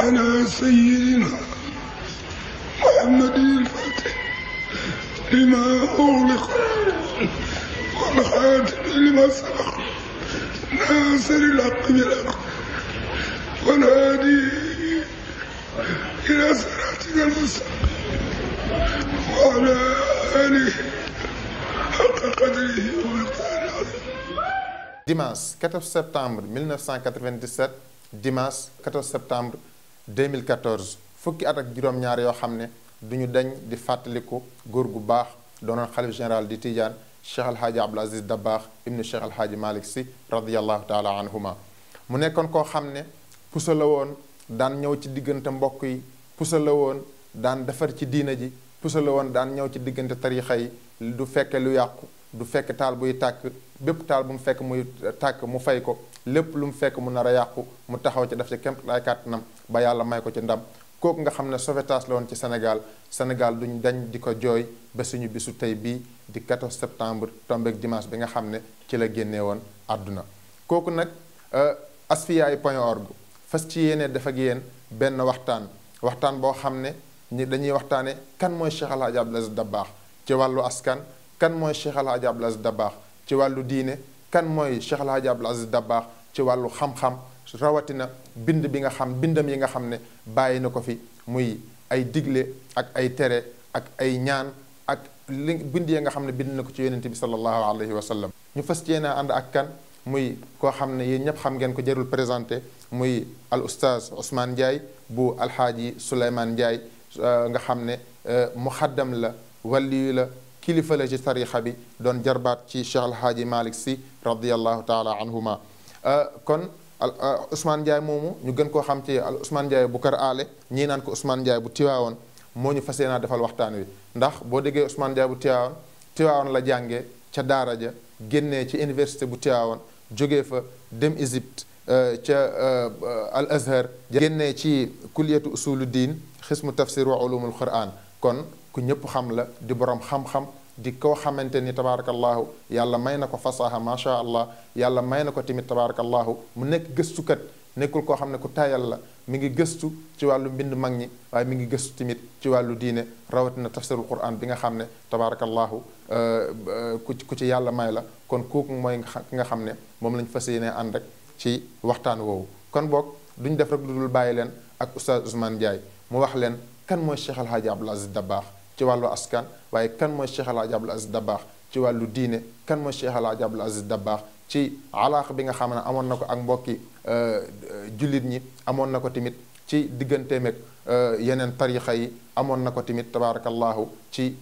على سيدنا محمد الفاتح لما أغلق والخاتم لما سبق ناصر الحق بالحق والهادي إلى صراطك المستقيم وعلى آله حق قدره ومقداره العظيم. Dimanche 14 septembre 1997 dimanche 14 septembre mille 2014 fukki at ak juróom-ñaar yoo xam ne du ñu dañ di fàttaliku góor gu baax doonoon xalif général di Tidiane Cheikh El Hadj Abdoul Aziz Dabakh ibnu Cheikh El Hadj Malick Sy radiyallahu taala anhuma mu nekkoon koo xam ne pusa la woon daan ñëw ci diggante mbokk yi pusa la woon daan defar ci diina ji pusa la woon daan ñëw ci diggante tarixa yi du fekke lu yàqu du fekk taal buy tàkk bépp taal bu mu fekk muy tàkk mu fay ko lépp lu mu fekk mu nar a yàqu mu taxaw ci def ci kémt lay kàttanam ba yàlla may ko ci ndab kooku nga xam ne sauvetage la woon ci Sénégal Sénégal duñ dañ di ko jooy ba suñu bisu tey bii di 14 septembre tombeeg dimanche bi nga xam ne ci la génnee woon àdduna kooku nag euh, asfiyahi point org fas ci yéene def ak yéen benn waxtaan waxtaan boo xam ne ñi dañuy waxtaane kan mooy Cheikh El Hadj Abdoul Aziz Dabakh ci wàllu askan kan mooy Cheikh El Hadj Abdoul Aziz ci wàllu diine kan mooy Cheikh El Hadj ci wàllu xam-xam rawatina bind bi nga xam bindam yi nga xam ne bàyyi na ko fi muy ay digle ak ay tere ak ay ñaan ak li bind ya nga xam ne bind na ko ci yonent bi sallallahu alayhi wa sallam ñu fas yéene ànd ak kan muy koo xam ne yéen ñëpp xam ngeen ko jarul présenté muy al oustaz Ousmane Ndiaye bu alxaaji Souleymane Ndiaye euh, nga xam ne euh, muxaddam la waliyu la kilifa la ci tarixa bi doon jarbaat ci Cheikh alxaaji Malick Sy radiallahu taala anhuma Euh, kon al euh, Ousmane Ndiaye moomu ñu gën koo xam ci Ousmane Ndiaye bu Kër ale ñiinaan ko Ousmane Ndiaye bu Tiwaawoon moo ñu fas yéenaa defal waxtaan wi ndax boo déggee Ousmane Ndiaye bu Tiwaawoon Tiwaawoon la jànge ca daara ja génnee ci université bu Tiwaawoon jógee fa dem Égypte euh, ca Al Azhar génnee ci kulliyatu usulu diin xismu tafsir wa ulumul quran kon ku ñëpp xam la di borom xam-xam di ko xamante ni tabaarakallaahu yàlla may na ko fasaha macha allah yàlla may na ko tamit tabaarakallaahu mu nekk gëstu kat nekkul koo xam ne ku taayal la mi ngi gëstu ci wàllu mbind mag ñi waaye mi ngi gëstu tamit ci wàllu diine rawatina tafsirul quran bi nga xam ne tabaarakallaahu euh, euh, ku ci ku ci yàlla may la kon kooku mooy ki nga xam ne moom lañ fas yéene ànd rek ci waxtaan woowu kon boog duñ def rek lu dul bàyyi leen ak oustaz Ousmane Ndiaye mu wax leen kan mooy Cheikh El Hadj Abdoul Aziz ci wàllu askan waaye kan mooy Cheikh El Hadj Abdoul Aziz ci wàllu diine kan mooy Cheikh El Hadj Abdoul Aziz ci alaax bi nga xam ne amoon na ko ak mbokki euh, euh, jullit ñi amoon na ko tamit ci digganteem ak euh, yeneen tarixa yi amoon na ko tamit tabaarakallaahu ci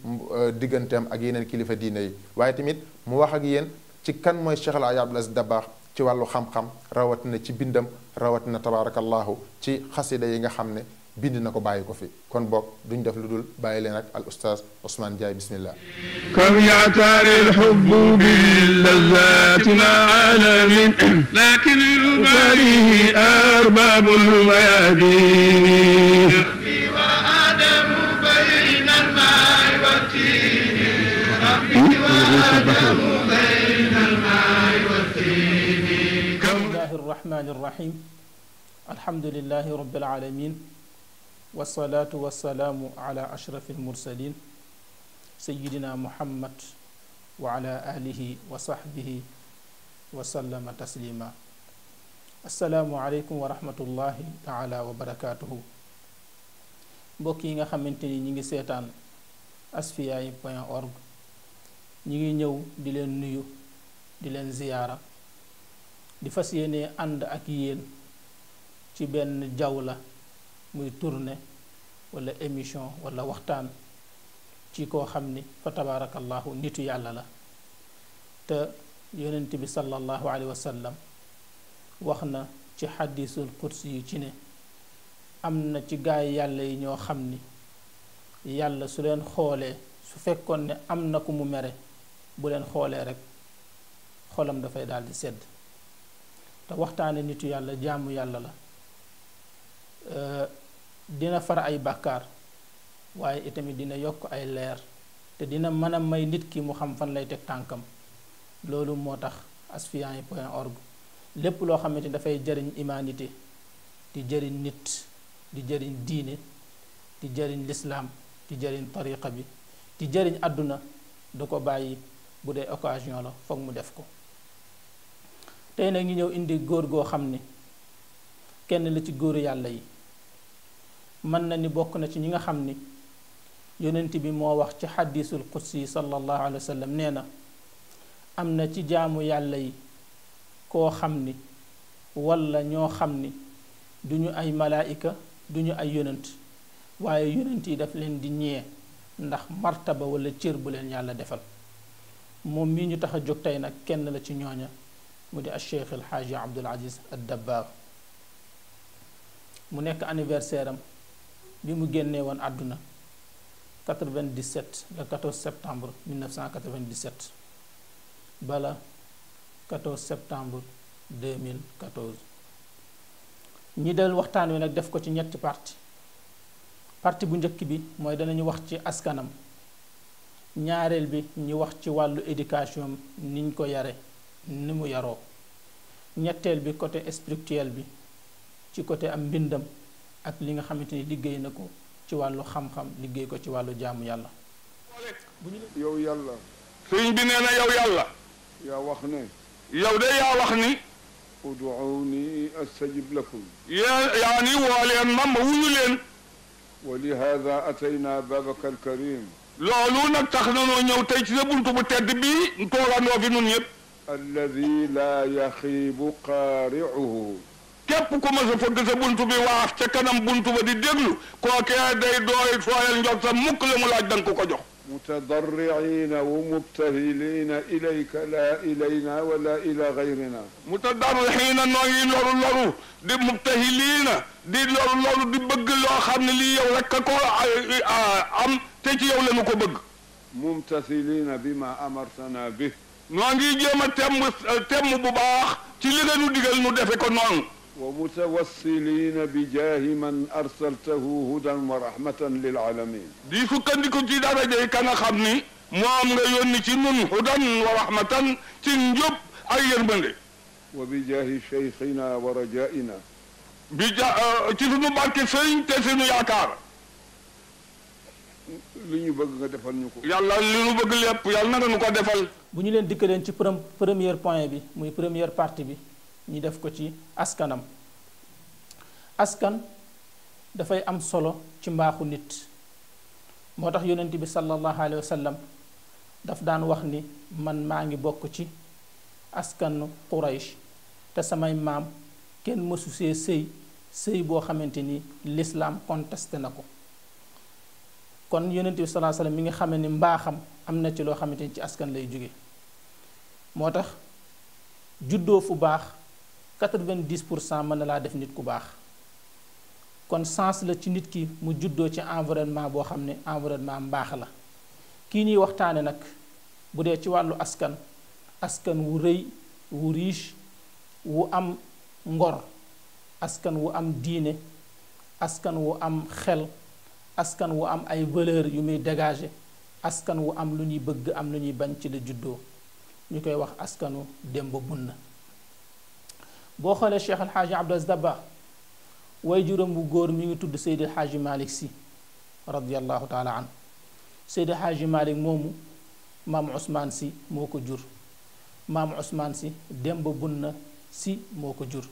digganteem ak yeneen kilifa diine yi waaye tamit mu wax ak yéen ci kan mooy Cheikh El Hadj Abdoul ci wàllu xam-xam rawatina ci bindam rawatina tabaarakallaahu ci xasida yi nga xam ne bind na ko bàyyi ko fi kon boog duñ def lu dul bàyyi leen ak al ustaaz Ousmane Ndiaye bismillah kam yataari alxub bi lazaati ma alamin lakin farihi arbaabu lmayadini bismillahi arrahmani arrahim alhamdulillahi rabbil alamin wasalaatu wasalaamu ala ashrafi almursalin sayidina muhammad wa ala alihi wa sahbihi wa sallama taslima asalaamu aleykum wa rahmatullahi taala wa barakaatuhu mbokk yi nga xamante ni ñi ngi seetaan asfiyahi point org ñi ngi ñëw di leen nuyu di leen ziyaara di fas yéene ànd ak yéen ci benn la muy turne walla émission walla waxtaan ci koo xam ni fa tabaarakallahu nitu yàlla la te yonent bi sallallahu alayhi wa wax na ci xadisul qudsi yi ci ne am na ci gaay yàlla yi ñoo xam ni yàlla su leen xoolee su fekkoon ne am na ku mu mere bu leen xoolee rekk xolam dafay di sedd te waxtaane nitu yàlla jàmm yàlla la dina far ay bàkkaar waaye itamit dina yokk ay leer te dina mën a may nit ki mu xam fan lay teg tànkam loolu moo tax asfiyahi point org lépp loo xamante ni dafay jariñ humanité di jëriñ nit di jëriñ diine di jëriñ lislaam di jëriñ tariqa bi di jëriñ àdduna du ko bàyyi bu dee occasion la foog mu def ko tey nag ñu ñëw indi góor goo xam ni kenn la ci góoru yàlla yi mën na ni bokk na ci ñi nga xam ni yonent bi moo wax ci xadiisul qudsi sallallahu alayhi wa sallam nee na am na ci jaamu yàlla yi koo xam ni walla ñoo xam ni duñu ay malaayika duñu ay yonent waaye yonent yi daf leen di ñee ndax martaba walla cër bu leen yàlla defal moom mii ñu tax a jóg tey nag kenn la ci ñooña mu di al cheikh alxaaji abdul aziz ad dabbaar mu nekk anniversaire bi mu génnee woon àdduna 97 le 14 septembre 1997 bala 14 septembre 2014 ñi del waxtaan wi nag def ko ci ñetti parti parti bu njëkk bi mooy danañu wax ci askanam ñaareel bi ñu wax ci wàllu éducation niñ ko yare ni mu yaroo ñetteel bi côté spirituel bi ci côté am mbindam ak li nga xamante ni liggéey na ko ci wàllu xam-xam liggéey ko ci wàllu jaamu yàlla yow yàlla sëriñ bi nee na yow yàlla yaa wax ne yow de yaa wax ni ud'uuni astajib lakum yéen yaa leen ma ma wuyu leen wa lihaada ataynaa baabaka alkarim loolu nag tax na noo ñëw tey ci sa buntu bu tedd bii toolandoo fi nun ñëpp alladi laa yaxiibu qaari'uhu képp ku ma sa fëgg sa bunt bi waax ca kanam bunt ba di déglu kookee day dooy fooyal njot sa mukk la mu laaj da nga ko ko jox mutadarriina wa mubtahiliina ilayka la ilayna wala ila gayrina mutadarriina noo ngi loru loru di mubtahiliina di loru loru di bëgg loo xam ne lii yow rekk a ko am te ci yow la nu ko bëgg mumtasiliina bima amartana bi noo ngi jéem a temm temm bu baax ci li nga nu digal nu defe ko noonu ومتوسلين بجاه من أرسلته هدى ورحمة للعالمين di sukkandiku ci daraja ka nga xam ni moom nga yónni ci nun hudan wa rahmatan ci njub ak yërmande wa bijaahi cheikhina wa rajaina bi ja euh, ci sunu barke sëñ te sunu yaakaar li ñu bëgg nga defal ñu ko yàlla li ñu bëgg lep yàlla na nga ñu ko defal bu ñu leen dikkaleen ci premier point bi muy première partie bi ñi def ko ci askanam askan dafay am solo ci mbaaxu nit moo tax yonent bi sallallahu alayhi wa sallam daf daan wax ni man maa ngi bokk ci askanu Quraysh te samay maam kenn mësu see sëy sëy boo xamante ni lislaam contesté na ko kon yonent bi sallallahu alayhi wa sallam mi nga xam ni mbaaxam am na ci loo xamante ni ci askan lay jóge moo tax juddoo fu baax 90 pour cent mën na laa def nit ku baax kon sens la ci nit ki mu juddoo ci environnement boo xam ne environnement mbaax la kii ñuy waxtaane nag bu dee ci wàllu askan askan wu rëy wu riche wu am ngor askan wu am diine askan wu am xel askan wu am ay valeur yu muy dégager askan wu am lu ñuy bëgg am lu ñuy bañ ci la juddoo ñu koy wax askanu Demba na boo xoolee Cheikh El Hadj Abdou way juróom wu góor mi ngi tudd Seydi Hadji Malick Sy radiyallahu taala anhu Seydi Hadji Malick moomu maam Ousmane si moo ko jur maam si Sy Demba Bunna Sy moo ko jur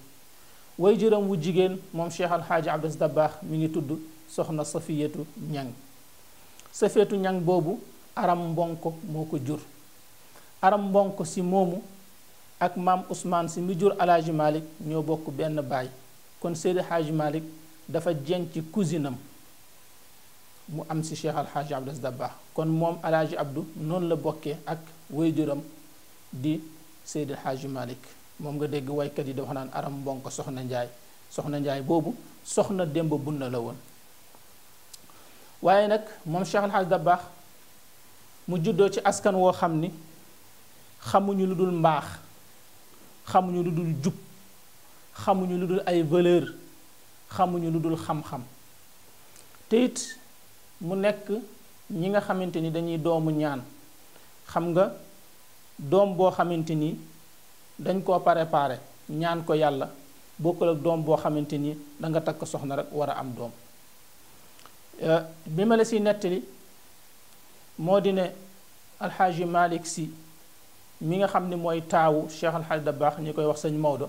way juróom wu jigéen moom Cheikh El Hadj Abdou Aziz mi ngi tudd soxna Safiyatu Ñang Safiyatu Ñang boobu aram mbonko moo ko jur aram mbonk si moomu ak maam Ousmane si mi jur alaaji Malick ñoo bokk benn baay kon Seydi Hadji Malick dafa jenc ci cousinam mu am si Cheikh Alxaaji Abdou Dabakh kon moom alaaji Abdou noonu la bokkee ak waajuram di Seydi Hadji Malick moom nga dégg waykat yi dafa naan aram mbonk soxna njaay soxna njaay boobu soxna démb na la woon waaye nag moom Cheikh Alxaaji Dabakh mu juddoo ci askan woo xam ni xamuñu lu dul mbaax xamuñu lu dul jub xamuñu lu dul ay valeur xamuñu lu dul xam-xam te mu nekk ñi nga xamante ni dañuy doomu ñaan xam nga doom boo xamante ni dañ koo préparé ñaan ko yàlla bokkul ak doom boo xamante ni danga nga takk soxna rek war a am doom euh, bi ma la nettali moo di ne alxaaji Malik si mi nga xam ni mooy taawu Cheikh Al baax Dabakh ñu koy wax sëñ Maodo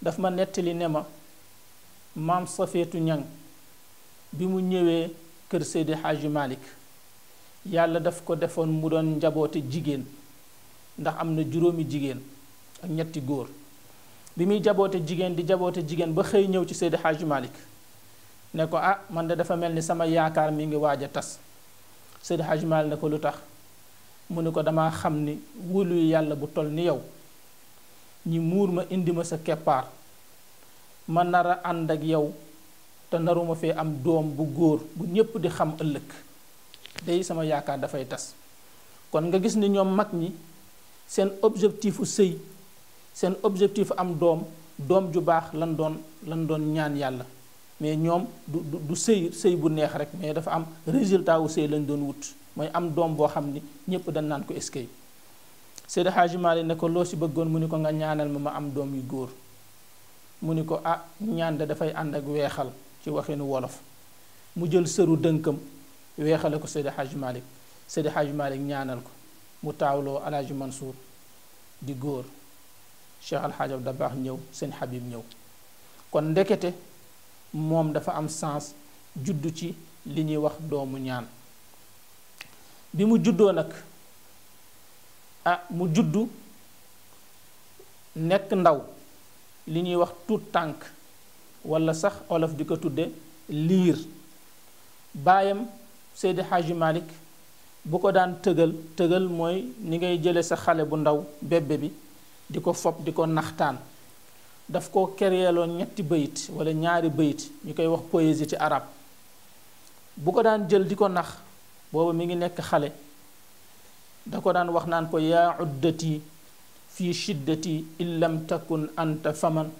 daf ma nettali ne ma maam Safeetu Ñang bi mu ñëwee kër Seydi Hadji Malick yàlla daf ko defoon mu doon njaboote jigéen ndax am na juróomi jigéen ak ñetti góor bi muy jaboote jigéen di jaboote jigéen ba xëy ñëw ci Seydi Hadji Malick ne ko ah man de dafa mel ni sama yaakaar mi ngi waaj a tas Seydi Hadji Malick ne ko lu tax mu ne ko dama xam ni wóolu yàlla bu toll ni yow ñi muur ma indi ma sa keppaar ma nar a ànd ak yow te naruma fi am doom bu góor bu ñépp di xam ëllëg day sama yaakaar dafay tas kon nga gis ni ñoom mag ñi seen objectifu sëy seen objectif am doom doom ju baax lan doon lan doon ñaan yàlla mais ñoom du du sëy sëy bu neex rek mais dafa am résultat wu sëy lañ doon wut mooy am doom boo xam ni ñëpp dañ naan ko eskay Seydi Hadji Malick ne ko loo si bëggoon mu ni ko nga ñaanal ma ma am doom yu góor mu ni ko ah ñaan da dafay ànd ak weexal ci waxinu wolof mu jël sëru dënkam weexale ko Seydi Hadji Malick Seydi Hadji Malick ñaanal ko mu taawloo Alaaji Mansour di góor Cheikh Alxaaj Abdu Dabaax ñëw seen Habib ñëw kon ndekete moom dafa am sens juddu ci li ñuy wax doomu ñaan bi mu juddoo nag ah mu juddu nekk ndaw li ñuy wax tuut tànk walla sax olof di ko tudde liir baayam Seydi Xaaji Malik bu ko daan tëgal tëgal mooy ni ngay jële sa xale bu ndaw bébé bi di ko fob di ko naxtaan daf ko kereeloo ñetti bayit walla ñaari bayit ñu koy wax poésie ci arab bu ko daan jël di ko nax boobu mi ngi nekk xale da ko daan wax naan ko yaa uddati fi shiddati in lam takun anta faman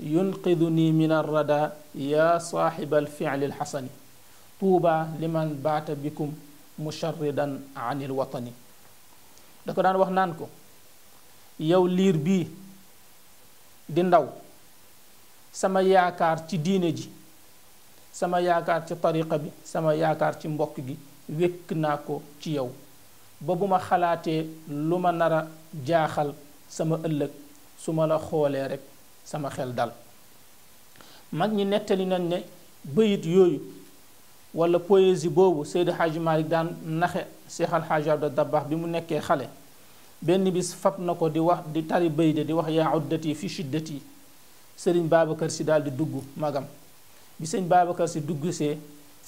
yunqiduni min arrada yaa saaxiba alficli alxasani tuuba liman baata bikum musharridan an ilwatani da ko daan wax naan ko yow liir bi di ndaw sama yaakaar ci diine ji sama yaakaar ci tariqa bi sama yaakaar ci mbokk gi wékk naa ko ci yow ba bu ma xalaatee lu ma nar jaaxal sama ëllëg su ma la xoolee rekk sama xel dal mag ñi nettali nañ ne bëyit yooyu walla poésie boobu Seydi Xaaji Malik daan naxe Seex al Xaaji Abdu bi mu nekkee xale benn bis fab na ko di wax di tari bayde di wax yaa uddati fi shiddati sëriñ Babacar si daal di dugg magam bi sëñ Babacar si dugg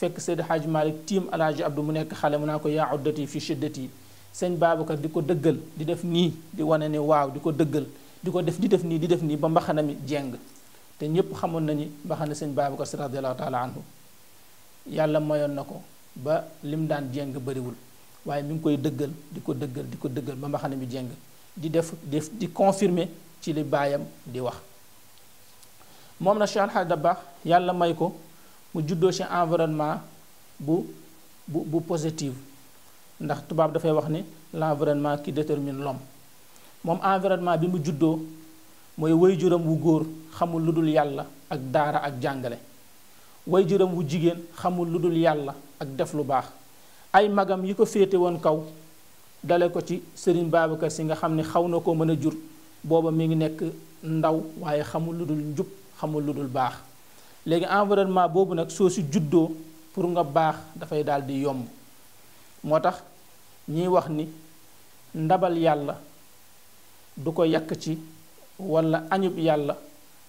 fekk Seydi Hadj Malick tiim Alaaji Abdu mu nekk xale mu naa ko yaa uddati fi shiddati sëñ Babacar di ko dëggal di def nii di wane ne waaw di ko dëggal di ko def di def nii di def nii ba mbaxana mi jeng te ñépp xamoon nañu mbaxana sëñ Babacar si radiallahu taala anhu yàlla mayoon na ko ba lim daan jeng bariwul waaye mi ngi koy dëggal di ko dëggal di ko dëggal ba mbaxana mi jeng di def def di confirmer ci li baayam di wax moom na Cheikh Al Hadj Dabakh yàlla may ko mu juddoo ci environnement bu bu bu positif ndax tubaab dafay wax ni l'environnement qui détermine l'homme moom environnement bi mu juddoo mooy woy juram wu góor xamul lu dul yàlla ak daara ak jàngale woy juram wu jigéen xamul lu dul yàlla ak def lu baax ay magam yi ko féete woon kaw dale ko ci Serigne Babacar Sy nga xam ni xaw na ko mën a jur booba mi ngi nekk ndaw waaye xamul lu dul njub xamul lu dul baax léegi environnement boobu nag soo si juddoo pour nga baax dafay daal di yomb moo tax ñiy wax ni ndabal yàlla du ko yàkk ci walla añub yàlla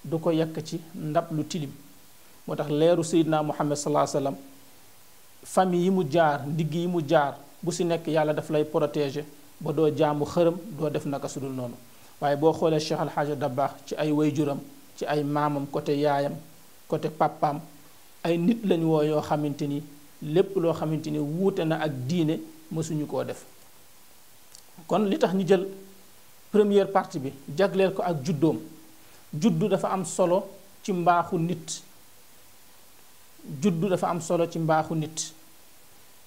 du ko yàkk ci ndab lu tilim moo tax leeru seydinaa muhammad salaa sallam famille yi mu jaar ndigg yi mu jaar bu si nekk yàlla daf lay protéger ba doo jaamu xërëm doo def naka su dul noonu waaye boo xoolee Cheikh Alxaaja Dabaax ci ay wayjuram ci ay maamam côté yaayam côté pàppaam ay nit lañ woo yoo xamante ni lépp loo xamante ni wuute na ak diine mësuñu koo def kon li tax ñu jël première partie bi jagleel ko ak juddoom juddu dafa am solo ci mbaaxu nit juddu dafa am solo ci mbaaxu nit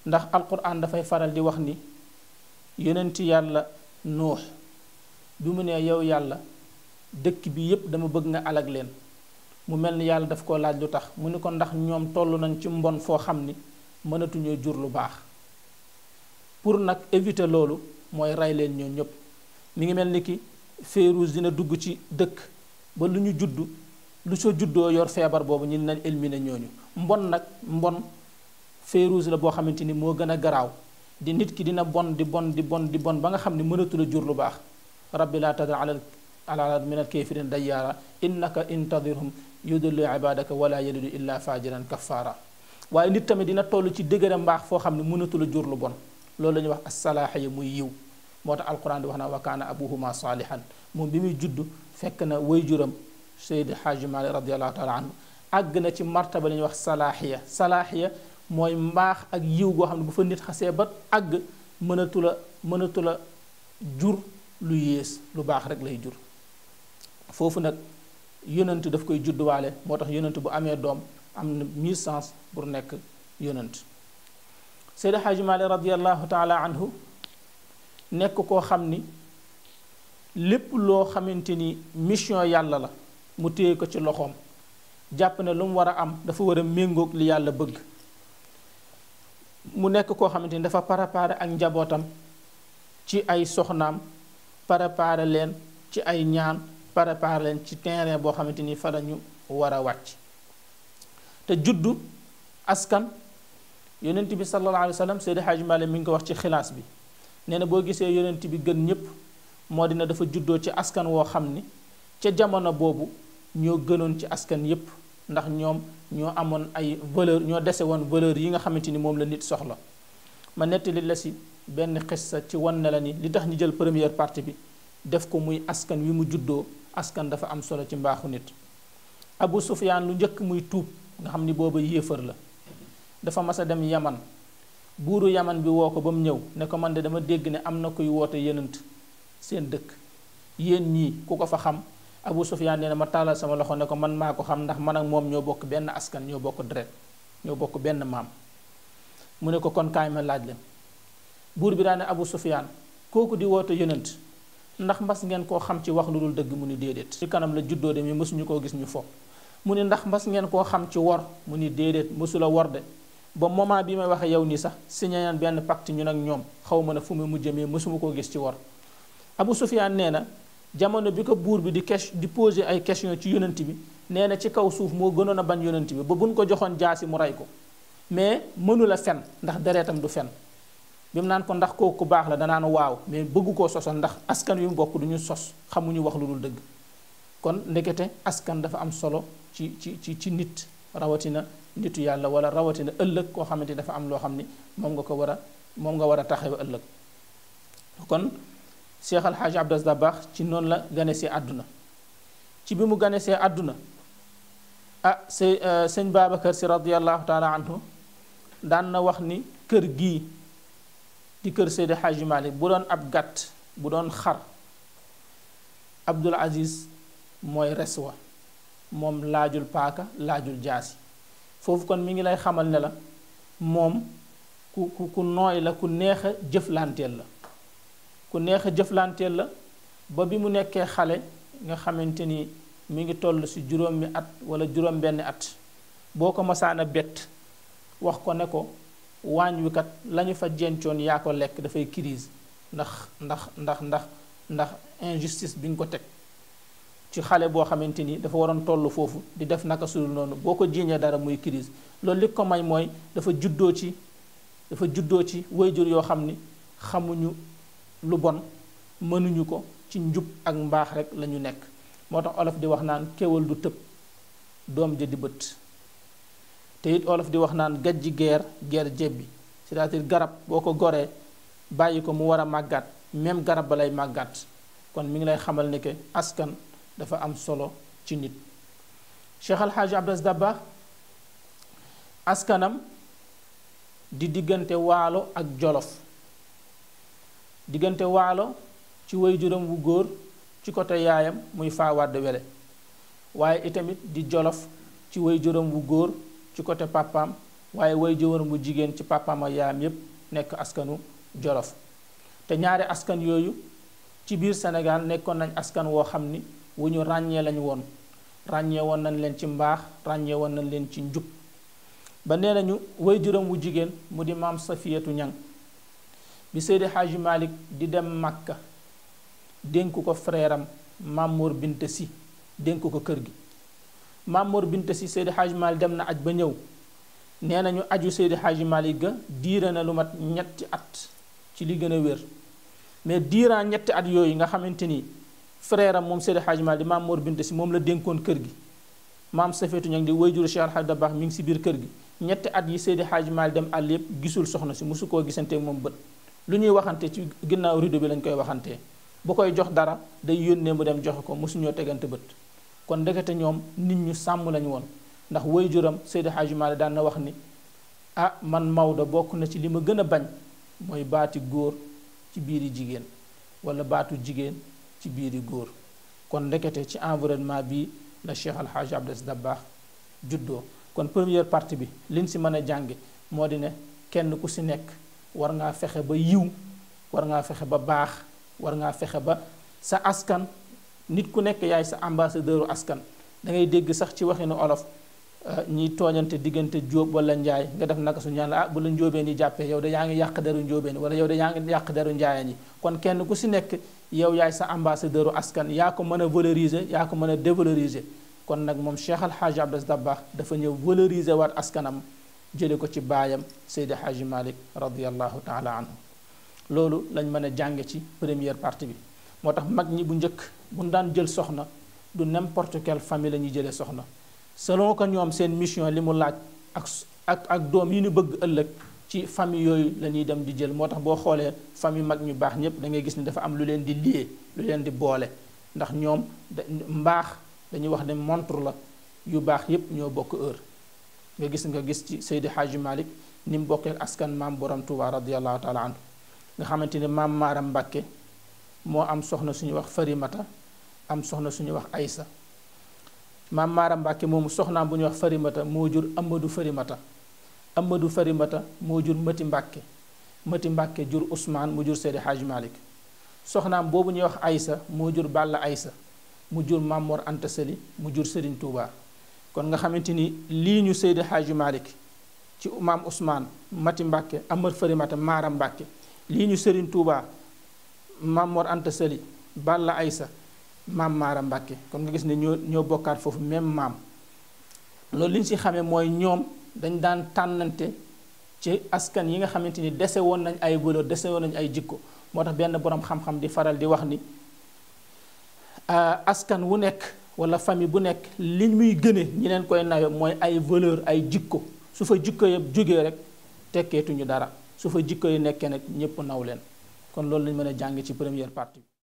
ndax alquran dafay faral di wax ni yonenti yàlla nuux bi mu ne yow yàlla dëkk bi yépp dama bëgg nga alag leen mu mel ni yàlla daf koo laaj lu tax mu ni ko ndax ñoom tollu nañ ci mbon foo xam ni mënatuñoo jur lu baax pour nag éviter loolu mooy rey leen ñoo ñëpp mi ngi mel ni ki féeruus dina dugg ci dëkk ba lu ñu judd lu soo juddoo yor feebar boobu ñu nañ éliminer ñooñu mbon nag mbon féeruus la boo xamante ni moo gën a garaaw di nit ki dina bon di bon di bon di bon ba nga xam ne mënatula jur lu baax rabbi laa tadar ala ala min al kafirin dayyaara innaka intadirhum yudillu ibadaka wala yalidu illa fajiran kafaara waaye nit tamit dina toll ci dëgëra mbaax foo xam ne mënatul a jur lu bon loolu la ñuy wax assalaaxa ya muy yiw moo tax alquran di wax naa wakaana abuhuma saalihan moom bi muy judd fekk na way juram Seydi Xaaji Maalik radiallahu taala àgg na ci martaba la ñuy wax salaaxiya salaaxiya mooy mbaax ak yiw goo xam ne bu fa nit xasee ba àgg mënatu la jur lu yées lu baax rek lay jur foofu nag yonent daf koy judduwaale moo tax yënant bu amee doom am na mille sens pour nekk yonent Seydi Xaaji Maalik radiallahu taala anhu nekk koo xam ni lépp loo xamante ni mission yàlla la mu téye ko ci loxoom jàpp ne lu mu war a am dafa war a méngoog li yàlla bëgg mu nekk koo xamante ni dafa préparé ak njabootam ci ay soxnaam préparé leen ci ay ñaan préparé leen ci terrain boo xamante ni fa lañu war a wàcc te juddu askan yonent bi sallallahu alayhi wa sallam Seydi mi ngi ko wax ci xilaas bi nee na boo gisee yonent bi gën ñépp moo dina dafa juddoo ci askan woo xam ni ca jamono boobu ñoo gënoon ci askan yépp ndax ñoom ñoo amoon ay valeur ñoo dese woon valeur yi nga xamante ni moom la nit soxla ma nettali la si benn sa ci wan na la ni li tax ñu jël première partie bi def ko muy askan wi mu juddoo askan dafa am solo ci mbaaxu nit abu sufyaan lu njëkk muy tuub nga xam ni booba yéefar la dafa mas a dem yaman buuru yaman bi woo ko ba mu ñëw ne ko man de dama dégg ne am na kuy woote yenant seen dëkk yéen ñii ku ko fa xam abu sufyaan nee na ma tàllal sama loxo ne ko man maa ko xam ndax man ak moom ñoo bokk benn askan ñoo bokk deret ñoo bokk benn maam mu ne ko kon kaay ma laaj leen buur bi daane abu sufyaan kooku di woote yenant ndax mbas ngeen koo xam ci wax lu dul dëgg mu ni déedéet ci kanam la juddoo demee mësuñu koo gis ñu fo mu ni ndax mbas ngeen koo xam ci wor mu ni déedéet mësula wor de ba moment bi may waxee yow nii sax signé naan benn pacte ñu nag ñoom xaw ma ne fu mu mujjamee mësuma koo gis ci wor Abu Sufyaan nee na jamono bi ko buur bi di question di poser ay question ci yonent bi nee na ci kaw suuf moo gënoon a bañ yonent bi ba buñ ko joxoon jaasi mu rey ko mais mënula fen ndax deretam du fen bi mu naan ko ndax kooku baax la danaan waaw mais bëgg koo sosal ndax askan yu mu bokk du ñu sos xamuñu wax lu dul dëgg kon ndekete askan dafa am solo ci ci ci ci nit rawatina nitu yàlla wala rawatina ëllëg koo xamante dafa am loo xam ni moom nga ko war moom nga war a taxaw ëllëg kon Cheikh Al Hadj baax ci noonu la ganesee àdduna ci bi mu see àdduna ah euh, sëñ Babacar si radiyallahu taala anhu daan na wax ni kër gii. di kër Seydi Hadji Malick bu doon ab gàtt bu doon xar Abdul Aziz mooy res wa moom laajul paaka laajul jaasi foofu kon mu ngi lay xamal ne la moom ku ku ku nooy la ku neex a jëflanteel la ku neex jëflanteel la ba bi mu nekkee xale nga xamante ni mu ngi toll ci juróomi at wala juróom benni at boo ko masaana bett wax ko ne ko waañ wi kat la ñu fa jencoon yaa ko lekk dafay crise ndax ndax ndax ndax ndax injustice bi nga ko teg ci xale boo xamante ni dafa waroon toll foofu di def naka sudul noonu boo ko jiiñee dara muy crise loolu li ko may mooy dafa juddoo ci dafa juddoo ci way jur yoo xam ni xamuñu lu bon mënuñu ko ci njub ak mbaax rek la ñu nekk moo tax olof di wax naan kéwal du tëb doom ja di bët te it olof di wax naan gajji geer geer jébbi c'est-à-dire garab boo ko goree bàyyi ko mu war a màggat même garab ba lay màggat kon mu ngi lay xamal ni que askan dafa am solo ci nit Cheikh Al Hadj Abdas askanam di diggante waalo ak jolof diggante waalo ci waajuram wu góor ci côté yaayam muy faawaad wele waaye itamit di jolof ci juróom wu góor ci côté papaam waaye way jëwër mu jigéen ci papaam ak yaayam yépp nekk askanu jolof te ñaari askan yooyu ci biir Sénégal nekkoon nañ askan woo xam ni wu ñu ràññee lañu woon ràññee woon nañ leen ci mbaax ràññee woon nañ leen ci njub ba nee nañu way juróom wu jigéen mu di maam safiyatu ñang bi Seydi Hadji Malick di dem Màkka dénk ko freeram am Mamour Binta Si dénk ko kër gi Mamor Binta si Seydi Hadji Malick dem na aj ba ñëw nee nañu aju Seydi Hadji Malick ga diire na lu mat ñetti at ci li gën a wér mais diiraan ñetti at yooyu nga xamante ni frère moom Seydi Hadji Malick di Mamor Binta si moom la dénkoon kër gi maam Safeetu Ñaŋ di wayjuru Cheikh Alhaji Dabakh mi ngi si biir kër gi ñetti at yi Seydi Hadji Malick dem àll yëpp gisul soxna si mosu koo gisante moom bët lu ñuy waxante ci ginnaaw rido bi lañ koy waxantee bu koy jox dara day yónnee mu dem joxe ko mosuñoo tegante bët kon ndekete ñoom nit ñu sàmm lañu woon ndax woy juram Seydi Hadji Malick daan na wax ni ah man Maodo bokk na ci li ma gën a bañ mooy baati góor ci biiri jigéen wala baatu jigéen ci biiri góor kon ndekete ci environnement bi la Cheikh Al Hadj Abdou baax Dabakh juddoo kon première partie bi lin si mën a jànge moo di ne kenn ku si nekk war ngaa fexe ba yiw war ngaa fexe ba baax war ngaa fexe ba sa askan nit ku nekk yaay sa ambassadeuru askan da ngay dégg sax ci waxinu olof euh, ñiy tooñante diggante jóob wala njaay nga def naka su ñaan la ah bu la njóobeen yi jàppee yow de yaa ngi yàq deru njóobeen wala yow de yaa ngi yàq deru njaayeen yi kon kenn ku si nekk yow yaay sa ambassadeuru askan yaa ko mën a valoriser yaa ko mën a dévaloriser kon nag moom Cheikh Al Hadj Abdas Dabakh dafa ñëw valoriser waat askanam jële ko ci baayam Seydi Hadji Malick radiallahu taala anhu loolu lañ mën a jànge ci première partie bi moo tax mag ñi bu njëkk mun daan jël soxna du n'importe quelle famille la ñuy jëlee soxna selon que ñoom seen mission li mu laaj ak ak ak doom yi ñu bëgg ëllëg ci famille yooyu lañuy dem di jël moo tax boo xoolee famille mag ñu baax ñépp da ngay gis ni dafa am lu leen di lié lu leen di boole ndax ñoom mbaax dañuy wax ne montre la yu baax yépp ñoo bokk heure nga gis nga gis ci Seydi Hadji Malick ni mu bokkee askan maam borom Touba radiyallahu taala anhu nga xamante ne maam Maaram Mbàkke moo am soxna suñu wax Farimata am soxna suñu wax Aysa maam Maara Mbàkke moomu soxnaam bu ñuy wax Farimata moo jur Amadu Farimata Amadu Farimata moo jur Mati Mbàkke Mati Mbàkke jur Usmaan mu jur Seydi Hajj Malik soxnaam boobu ñuy wax Aysa moo jur Balla Aysa mu jur Maam Mor mu jur Sëriñ Tuubaa kon nga xamante ni lii ñu Seydi Hajj ci maam Usmaan Mati Mbàkke Amar Farimata Maara Mbàkke lii ñu Sëriñ Tuubaa Maam Mor Anta Sali Aysa maam Maara Mbàkke kon nga gis ne ñoo bokkaat foofu même maam loolu li ñu si xamee mooy ñoom dañ daan tànnante ci askan yi nga xamante ni dese woon nañ ay valeur dese woon nañ ay jikko moo tax benn boroom xam-xam di faral di wax ni ah, askan wu nekk walla famille bu nekk li muy gëne ñi leen koy nawe mooy ay valeur ay jikko su fa jikko yëpp jógee rek tekkeetuñu dara su fa jikko yi nekkee nag ñépp naw leen kon loolu lañ mën a jàng ci première partie